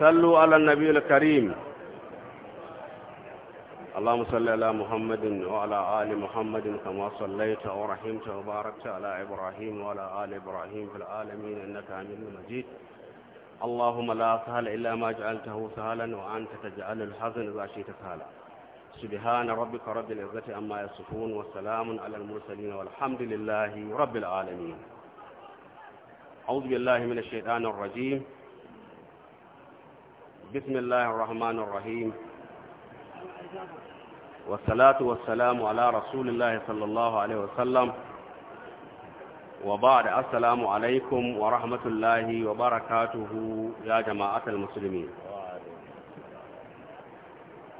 صلوا على النبي الكريم اللهم صل على محمد وعلى آل محمد كما صليت ورحمت وباركت على إبراهيم وعلى آل إبراهيم في العالمين إنك حميد مجيد اللهم لا سهل إلا ما جعلته سهلا وأنت تجعل الحزن إذا شئت سهلا سبحان ربك رب العزة عما يصفون وسلام على المرسلين والحمد لله رب العالمين أعوذ بالله من الشيطان الرجيم بسم الله الرحمن الرحيم والصلاة والسلام على رسول الله صلى الله عليه وسلم وبعد السلام عليكم ورحمة الله وبركاته يا جماعة المسلمين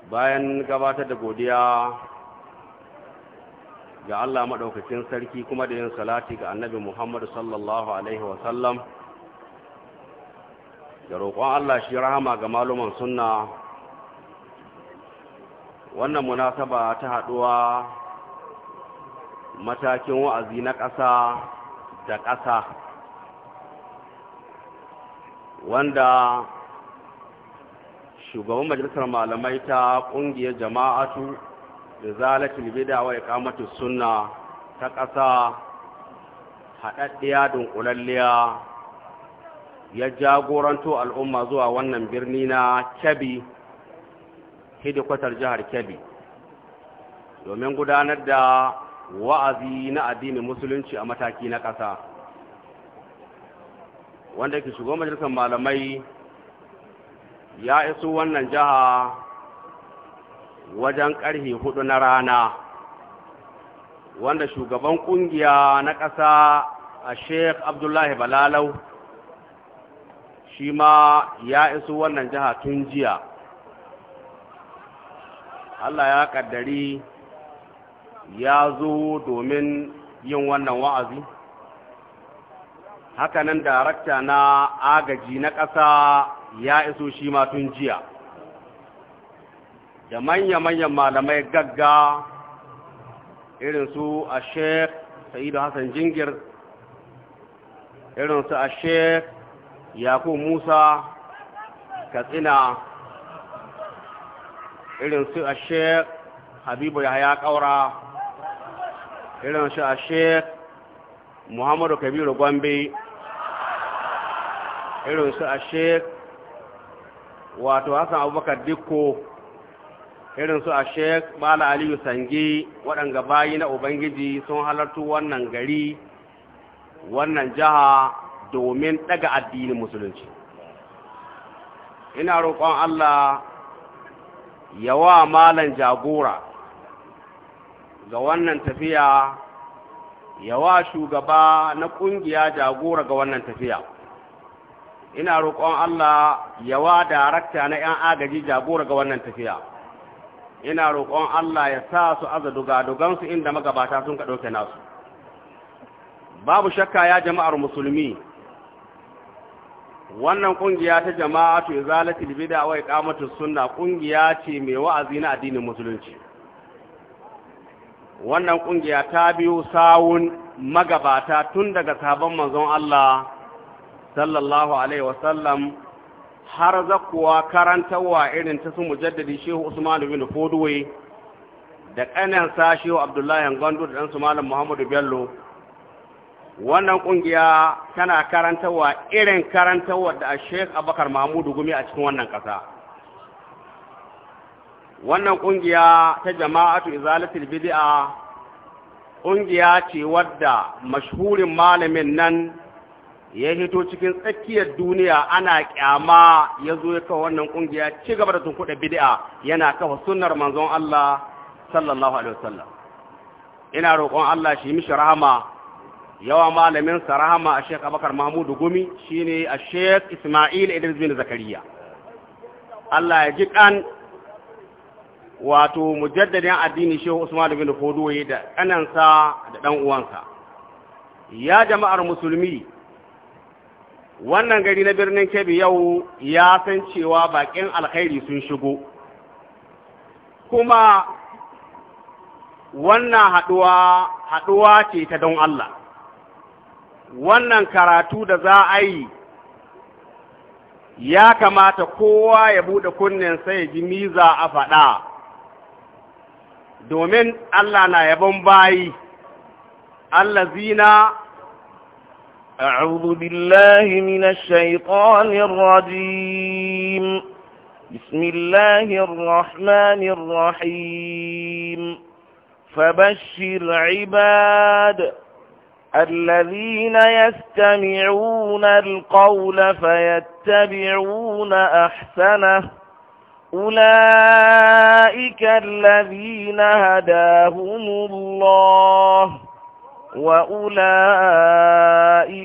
bayan gabatar da godiya ga Allah maɗaukacin sarki kuma da yin salati ga annabi Muhammad sallallahu Alaihi wasallam da roƙon Allah shi rahama ga maluman sunna wannan munasaba ta haɗuwa matakin wa'azi na ƙasa da ƙasa wanda shugaban majalisar malamai ta kungiyar jama'atu da zalatul bid'a wa iqamatu sunna ta ƙasa haɗaɗɗiya dunkulalliya ya jagoranto al'umma zuwa wannan birni na Kebbi hidikwatar jihar Kebbi domin gudanar da wa'azi na addinin musulunci a mataki na ƙasa wanda ke shugaban majalisar malamai ya iso wannan jiha wajen ƙarhe hudu na rana wanda shugaban ƙungiya na ƙasa a sheikh abdullahi balalau shi ma ya iso wannan jiha tun jiya allah ya ƙaddari ya zo domin yin wannan wa'azi hakanan darakta na agaji na ƙasa ya iso shi ma tun jiya da manya-manyan malamai gagga irin su a sheikh sa'idu hassan jingir irin su a sheikh Yaqub musa katsina irin su a sheikh habibu yahaya kaura irin su a sheikh muhammadu kabiru gombe irin su a sheikh wato hassan abubakar dikko irin su a sheik Bala aliyu sange waɗanga bayi na ubangiji sun halartu wannan gari wannan jiha domin ɗaga addinin musulunci ina roƙon allah yawa malan jagora ga wannan tafiya yawa shugaba na ƙungiya jagora ga wannan tafiya ina roƙon Allah yawa darakta na 'yan agaji jagora ga wannan tafiya ina roƙon Allah ya sa su aza dugadugansu inda magabata sun ka nasu babu shakka ya jama'ar musulmi wannan ƙungiya ta jama'atu izalati bid'a wa iqamatus sunna ƙungiya ce mai wa'azi na addinin musulunci wannan ƙungiya ta biyo sawun magabata tun daga sabon manzon Allah sallallahu alaihi wasallam har zakuwa karantarwa irin ta su mujaddadi shehu usman bin fodwe da ƙaninsa shehu abdullahi gandu da ɗansu malam muhammadu bello wannan ƙungiya tana karantarwa irin karantarwa da sheikh abakar mahmudu gumi a cikin wannan ƙasa wannan ƙungiya ta jama'atu izalatul bid'a ƙungiya ce wadda mashhurin malamin nan ya hito cikin tsakiyar duniya ana kyama ya zo ya kawo wannan ƙungiya ci gaba da tunkuɗa bid'a yana kafa sunnar manzon Allah sallallahu alaihi wasallam ina roƙon Allah shi mishi rahama yawa malamin sa rahama a Sheikh Abakar Mahmud Gumi shine a Sheikh Ismail Idris bin Zakariya Allah ya ji kan wato mujaddadin addini Sheikh Usman bin Fodoye da kanansa da dan uwansa ya jama'ar musulmi wannan gari na birnin kebbi yau ya san cewa bakin alkhairi sun shigo kuma wannan haduwa haduwa ce ta don Allah wannan karatu da za a yi ya kamata kowa ya bude kunnen sai ji miza a faɗa domin Allah na yabon bayi zina. أعوذ بالله من الشيطان الرجيم بسم الله الرحمن الرحيم فبشر عباد الذين يستمعون القول فيتبعون أحسنه أولئك الذين هداهم الله وأولئك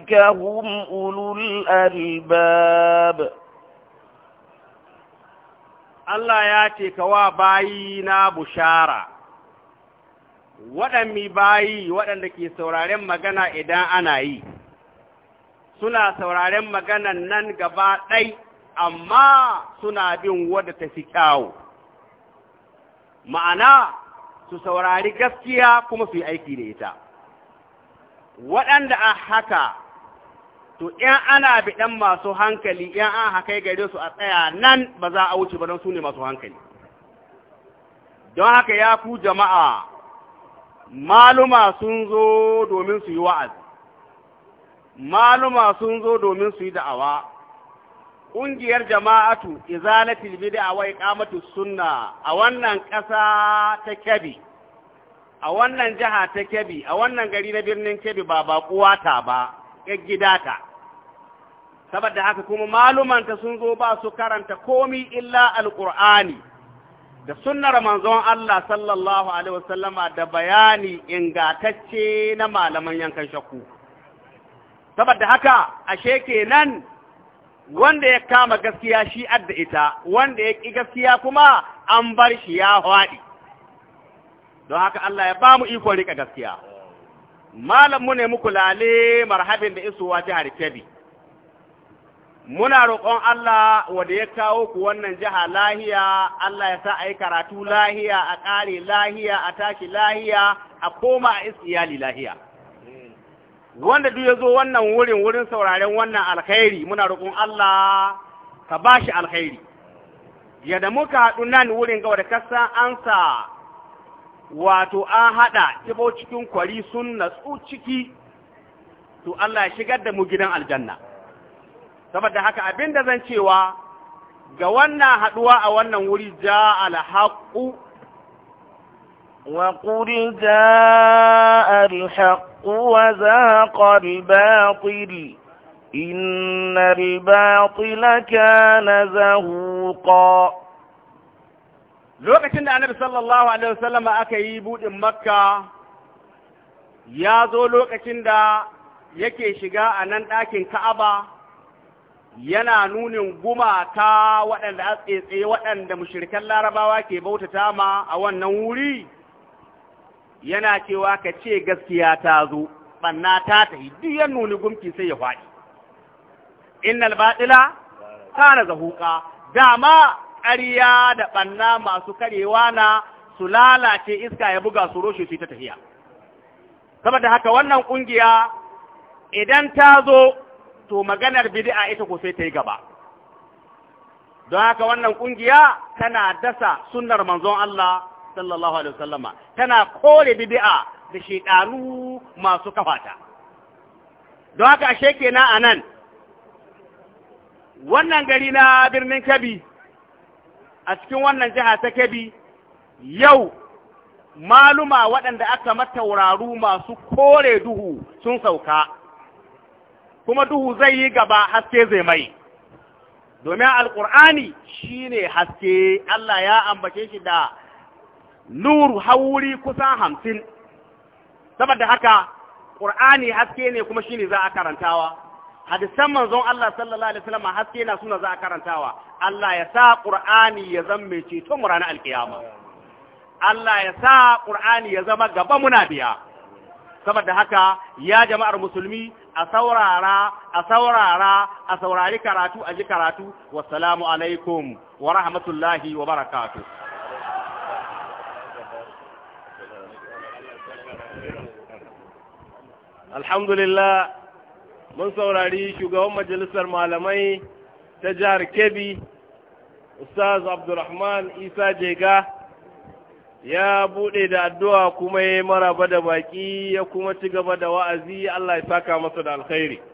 أولئك هم أولو الألباب Allah ya ce ka wa bayi na bushara, waɗanmi bayi waɗanda ke sauraren magana idan ana yi, suna sauraren magana nan gaba ɗai, amma suna bin wadda ta fi kyawu. Ma'ana, su saurari gaskiya kuma su yi aiki da ita. waɗanda a haka to ‘yan ana biɗan masu hankali ‘yan an haka gare su a tsaya nan ba za a wuce ba don su ne masu hankali don haka ya ku jama'a maluma sun zo domin su yi wa'azi maluma sun zo domin su yi da'awa ƙungiyar jama'atu izalatul bid'a wa sunna a wannan ƙasa ta kyabi, a wannan jiha ta kyabi, a wannan gari na birnin kyabi ba bakuwata ta ba ya saboda haka kuma malumanta sun zo ba su karanta komi illa alƙur'ani da sunnar manzon Allah sallallahu alaihi wasallama da bayani ingatacce na malaman yankan shakku saboda haka ashe kenan wanda ya kama gaskiya shi adda ita wanda ya ƙi gaskiya kuma an bar shi ya haɗi don haka Allah ya ba mu ikon riƙa gaskiya malam mu ne muku lale marhabin da isuwa jihar Kebbi muna roƙon Allah wanda ya kawo ku wannan jiha lahiya Allah ya sa a yi karatu lahiya a ƙare lahiya a tashi lahiya a koma a isiyali lahiya wanda duk ya zo wannan wurin wurin sauraren wannan alkhairi muna roƙon Allah ka ba shi alkhairi yadda muka haɗu nan wurin ga wadda kasa ansa wato an haɗa kibo cikin kwari sun natsu ciki to Allah ya shigar da mu gidan aljanna saboda haka abinda zan cewa ga wannan haɗuwa a wannan wuri ja alhaqu wa qul ja alhaqu wa zaqa albatil inna albatila kana zahuqa lokacin da annabi sallallahu alaihi wasallama aka yi budin makka ya zo lokacin da yake shiga a nan ɗakin ka'aba yana nunin gumaka waɗanda a waɗanda mushirikan larabawa ke bautata ma a wannan wuri yana cewa ka ce gaskiya ta zo ɓanna ta ta yi nuni gumki sai ya faɗi innal batila kana zahuka dama ƙarya da ɓanna masu karewa na su lalace iska ya buga su roshe su ta tafiya saboda haka wannan ƙungiya idan ta zo to maganar bid'a ita ko sai ta yi gaba don haka wannan ƙungiya tana dasa sunnar manzon Allah sallallahu alaihi wasallama tana kore bid'a da shedanu masu kafata don haka ashe kenan nan wannan gari na birnin Kabi a cikin wannan jiha ta kebi yau maluma waɗanda aka matauraru masu kore duhu sun sauka kuma duhu zai yi gaba haske zai mai domin alƙur'ani shine haske Allah ya ambace shi da nuru hauri kusan hamsin saboda haka ƙur'ani haske ne kuma shine za a karantawa hadisan manzon Allah sallallahu alaihi wasallam haske na suna za a karantawa Allah ya sa Qur'ani ya zama mai ceton mu ranar alkiyama Allah ya sa Qur'ani ya zama gaba muna biya saboda haka ya jama'ar musulmi a saurara a saurara a saurari karatu a ji karatu wassalamu alaikum wa rahmatullahi wa barakatu. alhamdulillah mun saurari shugaban majalisar malamai ta jihar kebbi Ustaz Abdulrahman Isa Jega ya buɗe da addu'a kuma ya maraba da baƙi ya kuma ci gaba da wa'azi Allah ya saka masa da alkhairi.